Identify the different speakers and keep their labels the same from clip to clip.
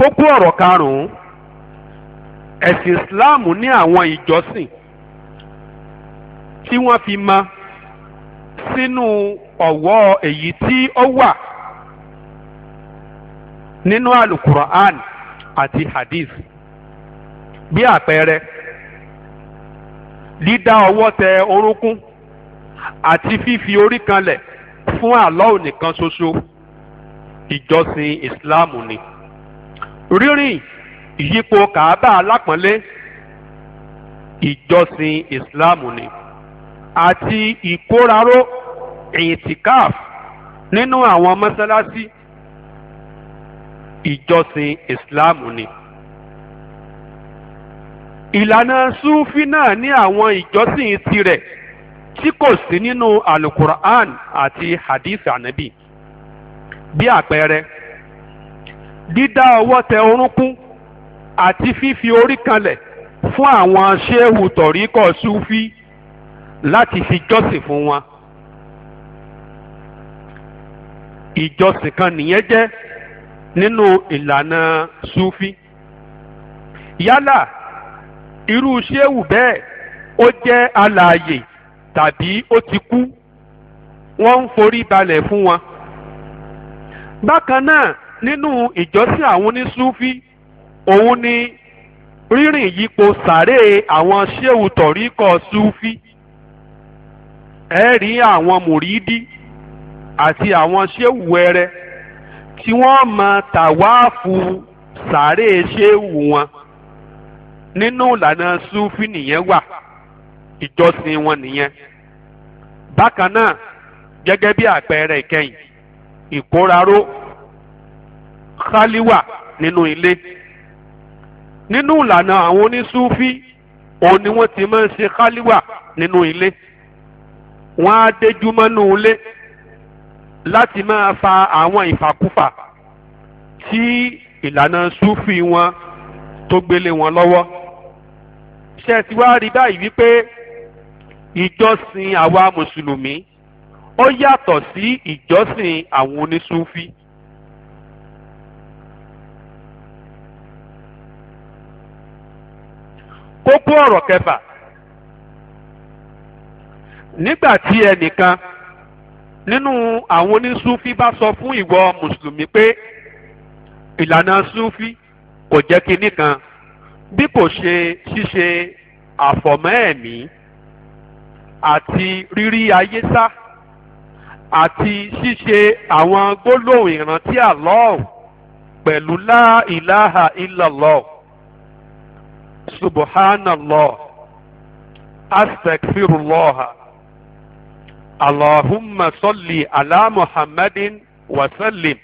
Speaker 1: kókó ọ̀rọ̀ karùn-ún ẹ̀sìn Islam ní àwọn ìjọsìn tí wọ́n fi mọ sínú ọ̀wọ́ èyí tí ó wà nínú alukur'an àti hadith bí àpẹẹrẹ dídá ọwọ́ tẹ orúnkún àti fífi orí kanlẹ̀ fún Allah nìkan ṣoṣo ìjọsìn Islam ni. Islam rírìn ìyípo kàábà alápọ̀nlé ìjọsìn ìsìláàmù ni àti ìkóraró ìtìkáf nínú àwọn mọ́sálásí ìjọsìn ìsìláàmù ni. ìlànà súfì náà ní àwọn ìjọsìn tirẹ̀ tí kò sí nínú alukur'an àti hadith anabi bí àpẹẹrẹ dídá ọwọ́ tẹ orúnkún àti fífi orí kanlẹ̀ fún àwọn ṣéhù tọ̀ríkọ̀ súfí láti fi jọ́sìn fún wọn. ìjọsìn kan nìyẹn jẹ́ nínú ìlànà súfí. yálà irú ṣéhù bẹ́ẹ̀ ó jẹ́ alààyè tàbí ó ti kú wọ́n ń forí balẹ̀ fún wọn. bákan náà nínú ìjọsìn àwọn onísúfí òun ni rírìn yípo sàréè àwọn ṣéwù tọ̀ríkọ̀ súfí ẹ rí àwọn mùrídí àti àwọn ṣéwù wẹrẹ tí wọ́n mọ tàwáàfù sàréè ṣéwù wọn nínú ìlànà súfí nìyẹn wà ìjọsìn wọn nìyẹn bákan náà gẹ́gẹ́ bí àpẹẹrẹ ìkẹyìn ìkóraró khaliwa nínú ilé nínú ìlànà àwọn onísúfí òun ni wọ́n ti máa ń ṣe khaliwa nínú ilé wọ́n á déjú mọ́nú ilé láti máa fa àwọn ìfàkúfà tí ìlànà súfì wọn tó gbélé wọn lọ́wọ́ ṣe ti wá rí báyìí wípé ìjọsìn àwa mùsùlùmí ó yàtọ̀ sí ìjọsìn àwọn onísúfì. kókó ọ̀rọ̀ kẹfà nígbà tí ẹnìkan nínú àwọn onísúfí bá sọ fún ìwọ mùsùlùmí pé ìlànà súfí kò jẹ́ kinní kan bí kò ṣe ṣíṣe àfọ̀mọ́ ẹ̀mí àti rírí ayé sá àti ṣíṣe àwọn gbólóhùn ìrántí Allah pẹ̀lú la ilaha subhanallah astaghfirullah allahumma salli ala muhammadin wa sallim.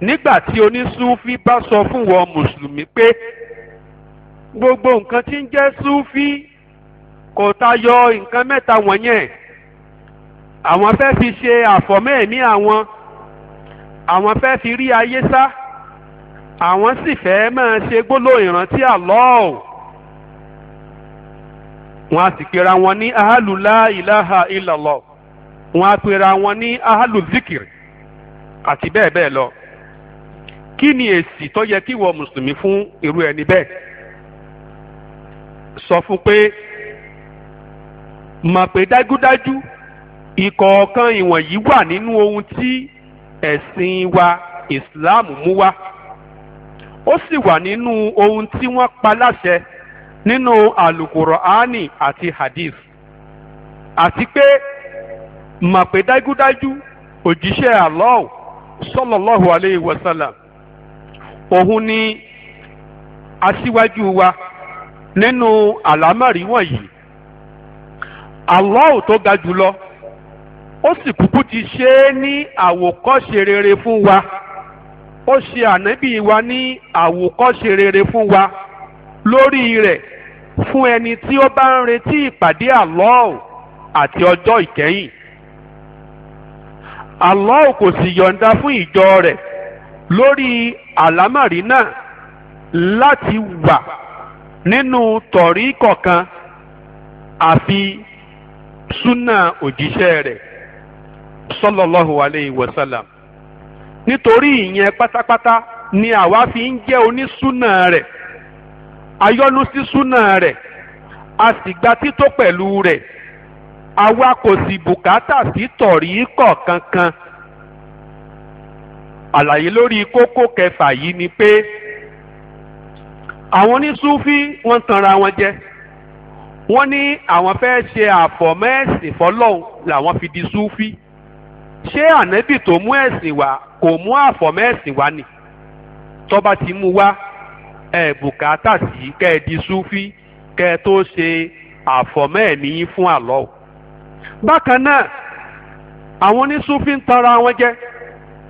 Speaker 1: nígbà tí onísúfí bá sọ fún wọn mùsùlùmí pé gbogbo nǹkan tí ń jẹ́ súfí kò tayọ nǹkan mẹ́ta wọ̀nyẹn àwọn fẹ́ fi ṣe àfọ̀mẹ́ẹ̀mí àwọn àwọn fẹ́ fi rí ayé sá àwọn sì fẹ́ máa ṣe gbólóhùn ìrántí Allah wọn a sì pera wọn ní ahalu la ilaha illallah wọn a pera wọn ní ahalu zikiri àti bẹ́ẹ̀ bẹ́ẹ̀ lọ kí ni èsì tó yẹ kí ìwọ mùsùlùmí fún irú ẹni bẹ́ẹ̀ sọ fún pé mọ̀ pé dájúdájú ìkọ̀ọ̀kan ìwọ̀nyí wà nínú ohun tí ẹ̀sìn wa Islam mú wá. ó sì wà nínú ohun tí wọ́n pa láṣẹ nínú àlùkùránì àti hadith àti pé mà pé dájúdájú òjíṣẹ́ Allah sallallahu alayhi wa sallam òun ni aṣíwájú wa nínú alamari wọ̀nyí Àlọ́ọ̀ tó ga jùlọ ó sì kúkú ti ṣe é ní àwòkọ́ṣe rere fún wa. ó ṣe ànábì wa ní àwòkọ́ṣe rere fún wa lórí rẹ̀ fún ẹni tí ó bá ń retí ìpàdé Allah àti ọjọ́ ìkẹyìn Allah kò sì yọ̀ǹda fún ìjọ rẹ̀ lórí àlámàrí náà láti wà nínú tọ̀rí kọ̀ọ̀kan àfi súnà òjíṣẹ́ rẹ̀ sallallahu alayhi wa nítorí ìyẹn pátápátá ni àwa fi ń jẹ́ onísúnà rẹ̀ ayọ́nú sí súnà rẹ̀ a sì gba tító pẹ̀lú rẹ̀ àwa kò sì bùkátà sí tọ̀rí kọ̀ọ̀kankan àlàyé lórí kókó kẹfà yìí ni pé àwọn onísúfí wọ́n tanra wọn jẹ wọ́n ní àwọn fẹ́ ṣe àfọ̀mẹ́sìn fọlọ́hún làwọn fi di súfí ṣé ànábì tó mú ẹ̀sìn wá kò mú àfọ̀mọ́ ẹ̀sìn wá ni tó bá ti mú wá ẹ bùkátà sí kẹ́ ẹ di súfí kẹ́ ẹ tó ṣe àfọ̀mọ́ ẹ̀mí yín fún àlọ́ o. bákan náà àwọn onísúfí ń tara wọn jẹ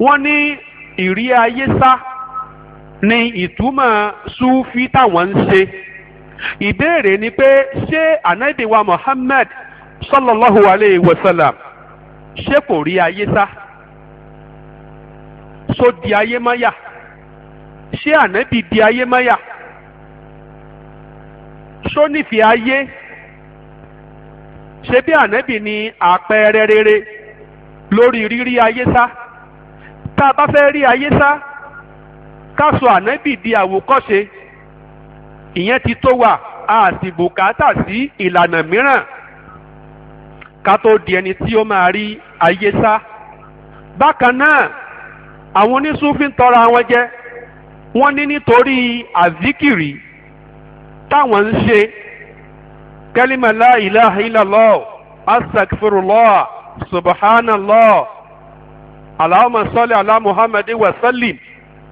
Speaker 1: wọ́n ní ìrí ayé sá ni ìtumọ̀ súfí táwọn ń ṣe ìbéèrè ni pé ṣé ànábì wa Muhammad sallallahu alayhi wa sallam ṣé kò rí ayé sá so di ayé máyà ṣé ànábì di ayé máyà ṣó nífẹ̀ẹ́ ayé ṣé bí ànábì ni àpẹẹrẹ rere lórí rírí ayé sá tá a bá fẹ́ rí ayé sá ká sọ ànábì di àwòkọ́ṣe ìyẹn ti tó wà a sì bùkátà sí ìlànà mìíràn ká tó di ẹni tí ó máa rí ayé sá bákan náà àwọn onísúfin tọrọ àwọn jẹ wọ́n ní nítorí àzíkìrì táwọn ń ṣe kẹlímà la ilaha illallah astaghfirullah subhanallah allahumma salli ala muhammadin wa sallim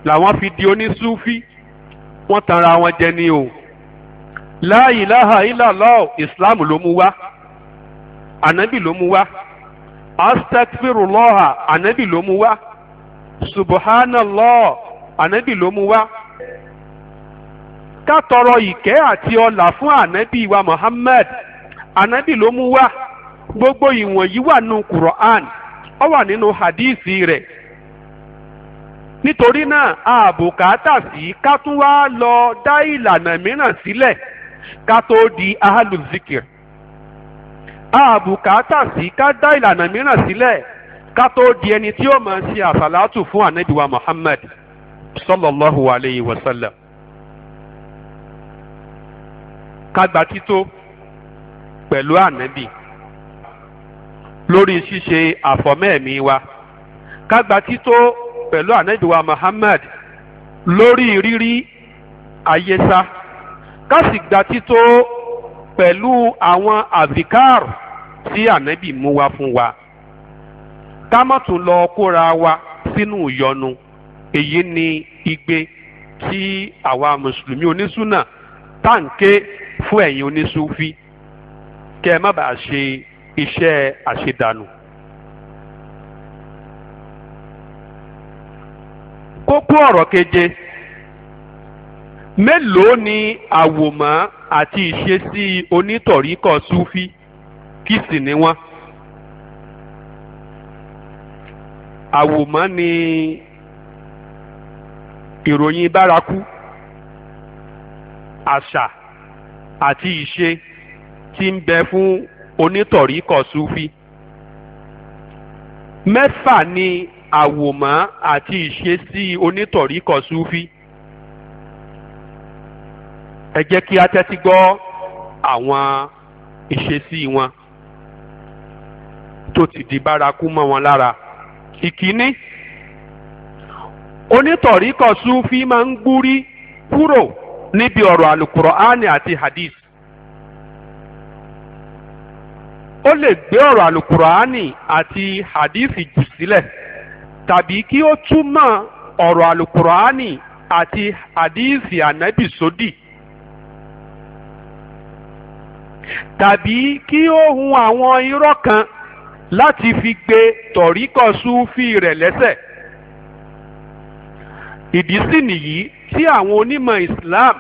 Speaker 1: làwọn fi di onísúfí wọ́n tanra wọn jẹ ni o la ilaha illallah ló mú wá ànábì ló mú wá. astagfirullah anabi ló mú wá subhanallah anabi ló mú wá ká tọrọ ìkẹ́ àti ọlà fún anabi wa muhammad anabi ló mú wá gbogbo ìwọ̀nyí wà nínú quran ó wà nínú hadithi rẹ̀ nítorí náà àbùkátà sí ká lọ dá ìlànà mìíràn sílẹ̀ ká tó di ahaluzikir àbùkátà sí ká dá ìlànà mìíràn sílẹ̀ ká tó di ẹni tí ó máa ṣe àsàlátù fún ànábìwá Muhammad sallallahu alayhi wa sallam. ká gba tító pẹ̀lú ànábì lórí ṣíṣe àfọ̀mẹ́ẹ̀mí wa ká gba pẹ̀lú ànábìwá Muhammad lórí rírí ayé sá ká sì gba tító pẹ̀lú àwọn àzikar tí ànábì mú wá fún wa ká má tún lọ kóra wa sínú ìyọnu èyí ni igbe tí àwa mùsùlùmí onísùnà táǹkẹ́ fún ẹ̀yin onísùfí kẹ́ ẹ má bàa ṣe iṣẹ́ àṣedànù. kókó ọ̀rọ̀ keje mélòó ni àwòmọ́ àti ìṣesí onítọ̀ríkọ̀ súfí kí sì ni wọ́n. àwòmọ́ ni ìròyìn bárakú àṣà àti ìṣe tí ń bẹ fún onítọ̀ríkọ̀ súfí. mẹ́fà ni àwòmọ́ àti ìṣesí onítọ̀ríkọ̀ súfí ẹ jẹ́ kí a tẹ́tí gbọ́ àwọn ìṣesí wọn tó ti di bárakú mọ́ wọn lára. ìkíní onítọ̀ríkọ̀ sufi máa ń gbúrí kúrò níbi ọ̀rọ̀ alukur'ani àti hadith. ó lè gbé ọ̀rọ̀ alukur'ani àti hadith jù sílẹ̀ tàbí kí ó túmọ̀ ọ̀rọ̀ alukur'ani àti hadith ànábì sódì. So tàbí kí ó hun àwọn irọ́ kan láti fi gbé tọ̀ríkọ̀ súfì rẹ̀ lẹ́sẹ̀. ìdí sì nìyí tí àwọn onímọ̀ Islam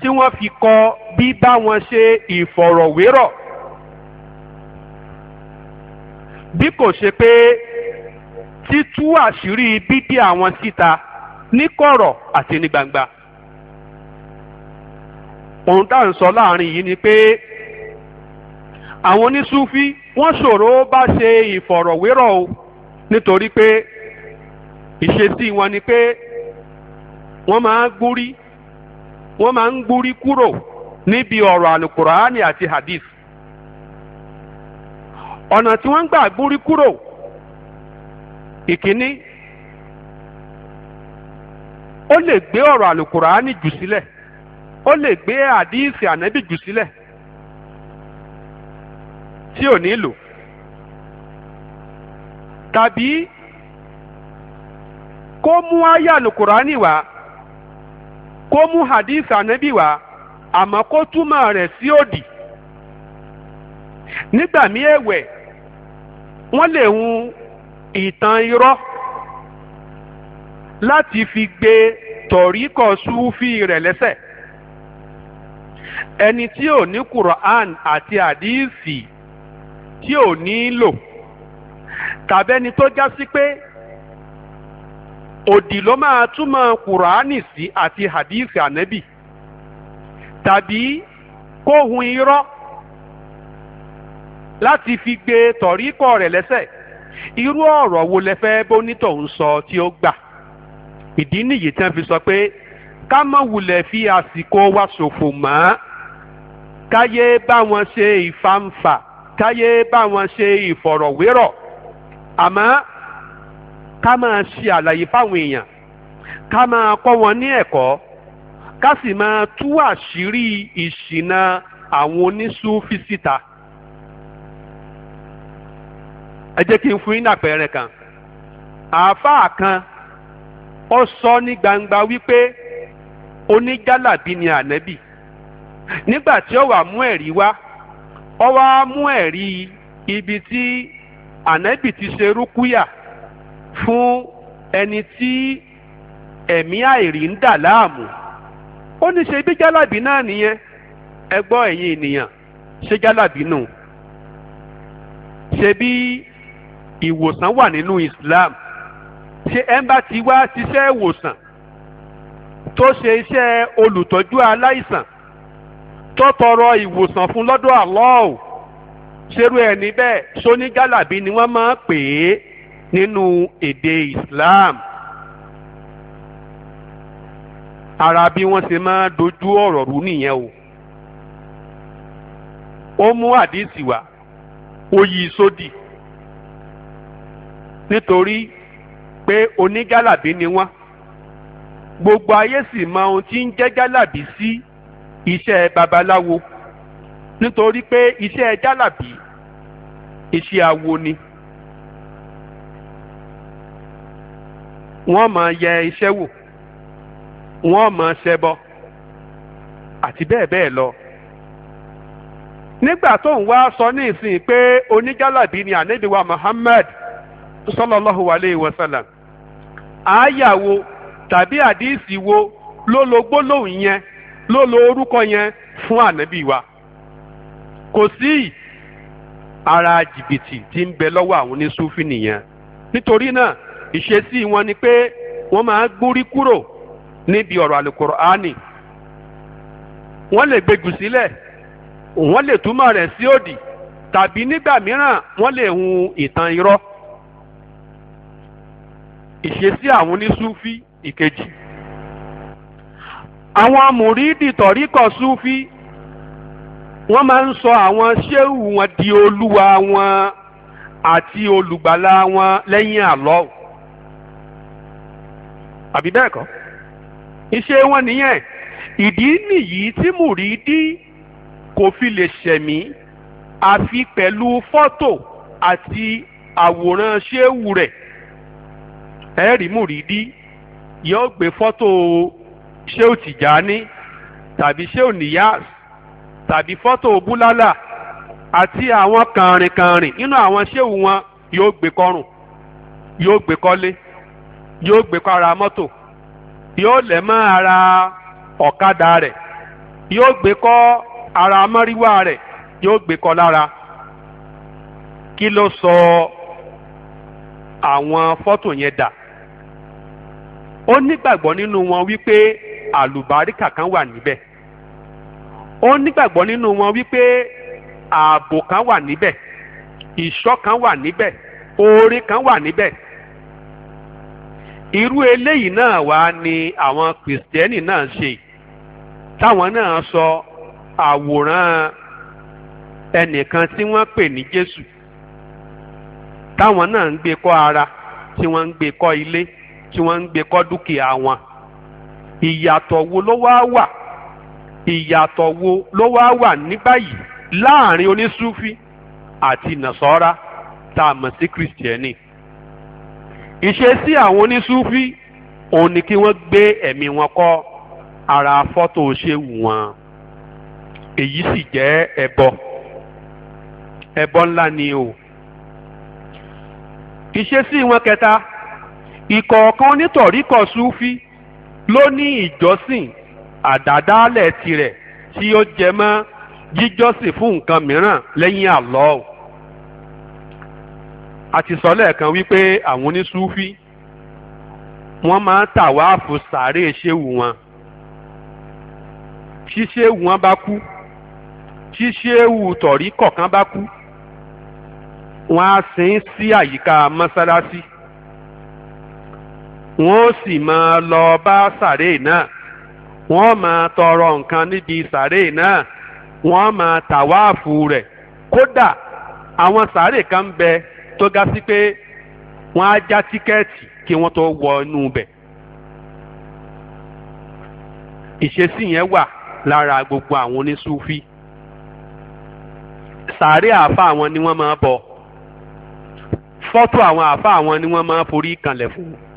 Speaker 1: tí wọ́n fi kọ bí bá wọn ṣe ìfọ̀rọ̀wérọ̀ bí kò ṣe pé títú àṣírí bídí àwọn síta ní kọ̀rọ̀ àti ní gbangba ohun tá à ń sọ láàrin yìí ni pé àwọn onísúfí wọ́n ṣòro bá ṣe ìfọ̀rọ̀wérọ̀ o nítorí pé ìṣesí wọn ni pé wọ́n máa ń gbúrí wọ́n máa ń gbúrí kúrò níbi ọ̀rọ̀ àlùkùránì àti hadith ọ̀nà tí wọ́n ń gbà gbúrí kúrò ìkíní ó lè gbé ọ̀rọ̀ àlùkùránì jù sílẹ̀ ó lè gbé hadith ànábì jù sílẹ̀ tí ò ní lò tàbí kó mú ayánu kùránì wá kó mú hadith ànábì wá àmọ́ kó túmọ̀ rẹ̀ sí òdì nígbà míì ẹ̀wẹ̀ wọ́n lè hun ìtàn irọ́ láti fi gbé tọ̀ríkọ̀ súfì rẹ̀ lẹ́sẹ̀ ẹni tí ò ní kùránì àti hadíìsì. tí ò ní lò tàbí ẹni tó já sí pé òdì ló máa túmọ̀ kùránì sí àti hadith ànábì tàbí kóhun irọ́ láti fi gbé tọ̀ríkọ̀ rẹ̀ lẹ́sẹ̀ irú ọ̀rọ̀ wo lẹ fẹ́ bónítọ̀hún sọ tí ó gbà ìdí nìyí tí wọ́n fi sọ pé ká mọ̀ wulẹ̀ fi àsìkò wa ṣòfò mọ́ káyé bá wọn ṣe ìfàǹfà. káyé bá wọn ṣe ìfọ̀rọ̀wérọ̀ àmọ́ ká máa ṣe àlàyé fáwọn èèyàn ká máa kọ́ wọn ní ẹ̀kọ́ ká sì máa tú àṣírí ìṣìnà àwọn oníṣúfì síta. ẹ jẹ́ kí n fún yín lápẹẹrẹ kan àáfàá kan ó sọ ní gbangba wípé onígálàbí ni nígbà tí ó wà mú ẹ̀rí wá. ó wá mú ẹ̀rí ibi tí ànábì ti ṣe rúkúyà fún ẹni tí ẹ̀mí àìrí ń dà láàmú ó ní ṣe bí jálàbí náà nìyẹn ẹ ẹ̀yin ènìyàn ṣé jálàbí nù ṣe bí ìwòsàn wà nínú Islam ṣé ẹ̀ńbà ti wá ṣiṣẹ́ ìwòsàn tó ṣe iṣẹ́ olùtọ́jú aláìsàn tó tọrọ ìwòsàn fún lọ́dọ̀ Allah o ṣerú ẹni bẹ́ẹ̀ sónígàlàbí ni wọ́n máa ń pè é nínú èdè Islam ara bí wọ́n ṣe máa dojú ọ̀rọ̀ rú nìyẹn o ó mú àdìsí wá ó yí sódì nítorí pé onígàlàbí ni wọ́n gbogbo ayé sì mọ ohun tí ń jẹ́ gàlàbí sí. Si iṣẹ́ babaláwo nítorí pé iṣẹ́ jálàbí iṣẹ́ awo ni wọ́n máa yẹ iṣẹ́ wò wọ́n máa ṣẹbọ àti bẹ́ẹ̀ bẹ́ẹ̀ lọ nígbà tó ń wá sọ ní ìsìn pé oníjálàbí ni ànábìwá Muhammad sallallahu alayhi wa sallam àáyà wo tàbí àdíìsì wo ló lo gbólóhùn yẹn ló lo orúkọ yẹn fún ànábì wa kò sí ara jìbìtì tí ń bẹ lọ́wọ́ àwọn oníṣúfì nìyẹn nítorí náà ìṣesí wọn ni pé wọ́n máa gbórí kúrò níbi ọ̀rọ̀ àlùkùránì wọ́n lè gbégùn sílẹ̀ wọ́n lè túmọ̀ rẹ̀ sí òdì tàbí nígbà mìíràn wọ́n lè hun ìtàn irọ́ ìṣesí àwọn oníṣúfì ìkejì àwọn mùrídì tọ̀ríkọ̀ súfí wọ́n máa ń sọ àwọn ṣéwù wọn di olúwa wọn àti olùgbàlà wọn lẹ́yìn àlọ́ àbí bẹ́ẹ̀ kọ́ iṣẹ́ wọn nìyẹn ìdí nìyí tí mùrídì kò fi lè ṣẹ̀mí àfi pẹ̀lú fọ́tò àti àwòrán ṣéwù rẹ̀ ẹ̀rí mùrídì yóò gbé fọ́tò o ṣéò tìjání tàbí ṣéò níyàs tàbí fọ́tò búlálà àti àwọn kàrìnkàrìn nínú àwọn ṣéò wọn yóò gbé kọrùn yóò gbé kọ́lé yóò gbé kọ́ ara mọ́tò yóò lẹ̀ mọ́ ara ọ̀kadà rẹ̀ yóò gbé kọ́ ara mọ́ríwá rẹ̀ yóò gbé kọ́ lára kí ló sọ àwọn fọ́tò yẹn dà ó nígbàgbọ́ nínú wọn wípé àlùbáríkà kan wà níbẹ̀ ó nígbàgbọ́ nínú wọn wípé ààbò kan wà níbẹ̀ ìṣọ́ kan wà níbẹ̀ oore kan wà níbẹ̀ irú eléyìí náà wá ni àwọn kìrìsìtẹ́nì náà ṣe táwọn náà sọ àwòrán ẹnìkan tí wọ́n pè ní Jésù táwọn náà ń gbé kọ́ ara tí wọ́n ń gbé kọ́ ilé tí wọ́n ń gbé kọ́ dúkìá wọn ìyàtọ̀ wo ló wá wà ìyàtọ̀ wo ló wá wà ní báyìí láàrin onísúfí àti nàṣọ́ra tá a mọ̀ sí kìrìsìtẹ́nì ìṣesí àwọn onísúfí òun ni kí wọ́n gbé ẹ̀mí wọn kọ́ ara fọ́tò ṣéwù wọn èyí sì jẹ́ ẹbọ ẹbọ ńlá ni o ìṣesí wọn kẹta ìkọ̀ọ̀kan onítọ̀ríkọ̀ súfí ló ní ìjọsìn àdádálẹ̀ tirẹ̀ tí ó jẹ mọ́ jíjọ́sìn fún nǹkan mìíràn lẹ́yìn Allah àti sọ lẹ́ẹ̀kan wípé àwọn onísúfí wọ́n máa ń tàwáàfù sàárè ṣéwù wọn tí ṣéwù wọn bá kú tí ṣéwù tọ̀rí kọ̀ọ̀kan bá kú wọ́n á sin sí àyíká mọ́sálásí. Si wọ́n ó sì máa lọ bá sàrè náà wọ́n máa tọrọ nǹkan níbi sàrè náà wọ́n máa tàwáàfù rẹ̀ kódà àwọn sàrè kan bẹ tó ga sí pé wọ́n á já tíkẹ́ẹ̀tì kí wọ́n tó wọ inú bẹ̀. ìṣesí yẹn wà lára gbogbo àwọn onísúfí sàréè àáfà àwọn ni wọ́n máa bọ fọ́tò àwọn àáfà àwọn ni wọ́n máa forí kanlẹ̀ fún un.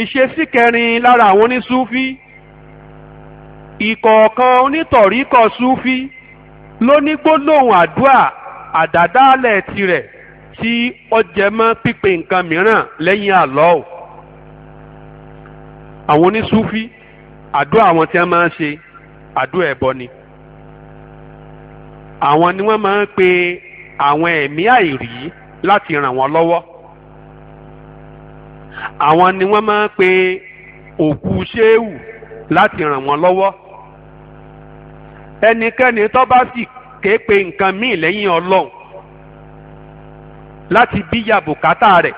Speaker 1: ìṣesí kẹrin lára àwọn onísúfí ìkọ̀ọ̀kan onítọ̀ríkọ̀ súfí ló ní gbólóhùn àdúà àdádálẹ̀ tirẹ̀ tí ọjẹmọ́ pípe nǹkan mìíràn lẹ́yìn àlọ́ ò àwọn onísúfí àdúà àwọn tí wọ́n máa ń ṣe àdúà ẹ̀bọ ni àwọn ni wọ́n máa ń pe àwọn ẹ̀mí àìrí láti ràn wọ́n lọ́wọ́ àwọn ni wọ́n máa ń pe òkú ṣéwù láti ràn wọ́n lọ́wọ́ ẹnikẹ́ni tó bá sì ké pe nǹkan míì lẹ́yìn ọlọ́run láti bíyà bùkátà rẹ̀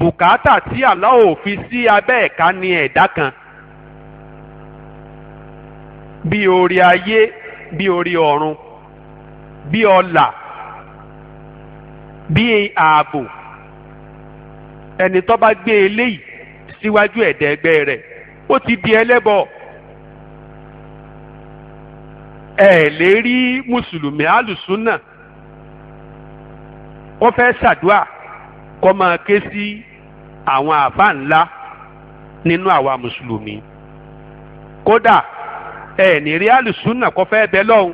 Speaker 1: bùkátà tí Allah fi sí abẹ́ ẹ̀ka ni ẹ̀dá kan bí orí ayé bí orí ọ̀run bí ọlà bí ààbò ẹni tó bá gbé eléyìí síwájú ẹ̀dẹ̀ ẹgbẹ́ rẹ̀ ó ti di ẹlẹ́bọ ẹ̀ lè rí mùsùlùmí alùsùnà kó fẹ́ ṣàdúà kó máa ké sí àwọn àfa ńlá nínú àwa mùsùlùmí kódà ẹ ní rí alùsùnà kó fẹ́ bẹ lọ́hùn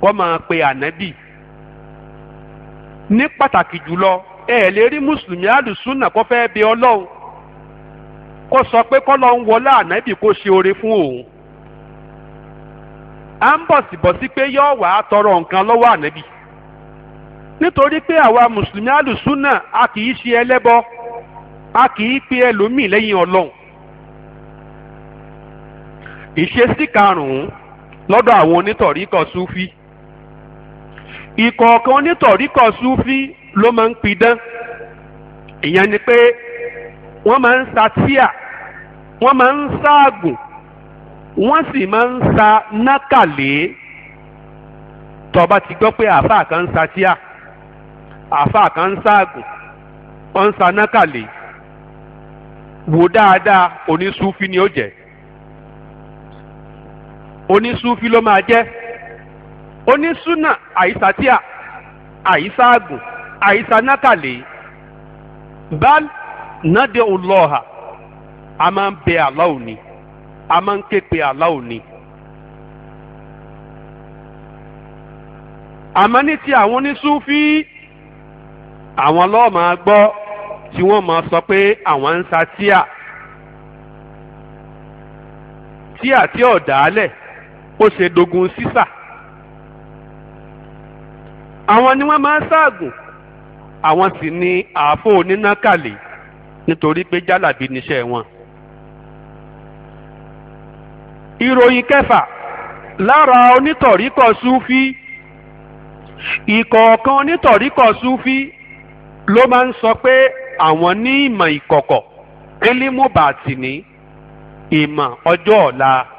Speaker 1: kó máa pe ànábì ní pàtàkì jùlọ ẹ rí mùsùlùmí àlùsùnà kó fẹ́ bí ọlọ́run kó sọ pé kọ́lọ́ ń wọlé ànábì kó ṣe oore fún òun à ń sí pé yóò wá tọrọ nǹkan lọ́wọ́ ànábì nítorí pé àwa mùsùlùmí àlùsùnà a kì í ṣe ẹlẹ́bọ a kì í pe ẹlòmíì lẹ́yìn ọlọ́run ìṣesí karùn-ún lọ́dọ̀ àwọn onítọ̀ríkọ̀ súfí ìkọ̀ọ̀kan onítọ̀ríkọ̀ súfí ló máa ń pidán ìyẹn ni pé wọ́n máa ń sa tíà wọ́n máa ń ṣaagùn wọ́n sì máa ń sa nákàlé tọ́ba ti gbọ́ pé àáfàá kan ń sa tíà àáfàá kan ń ṣaagùn wọ́n ń sa nákàlé wò dáadáa onísúfì ni ó jẹ́ onísúfì ló máa jẹ́ onísúnà àìsàtíà àìsàgùn àyíṣà nákàlẹ́ bal nàdé ọlọ́ha a máa ń bẹ aláwo ni a máa ń ké pe aláwo ni. àmọ́ ní ti àwọn onísúfí àwọn lọ́ọ̀ gbọ́ tí wọ́n máa sọ pé àwọn ń sa tíà tíà tí ò dálẹ̀ ó ṣe dogun sísà àwọn ni wọ́n máa ń ṣaàgùn. àwọn sì ni àáfò onínákàlè nítorí pé jálàbí níṣẹ́ wọn. ìròyìn kẹfà lára onítọ̀ríkọ̀ súfí ìkọ̀ọ̀kan onítọ̀ríkọ̀ súfí ló máa ń sọ pé àwọn ní ìmọ̀ ìkọ̀kọ̀ ẹlímùbàtì ní ìmọ̀ ọjọ́ ọ̀la.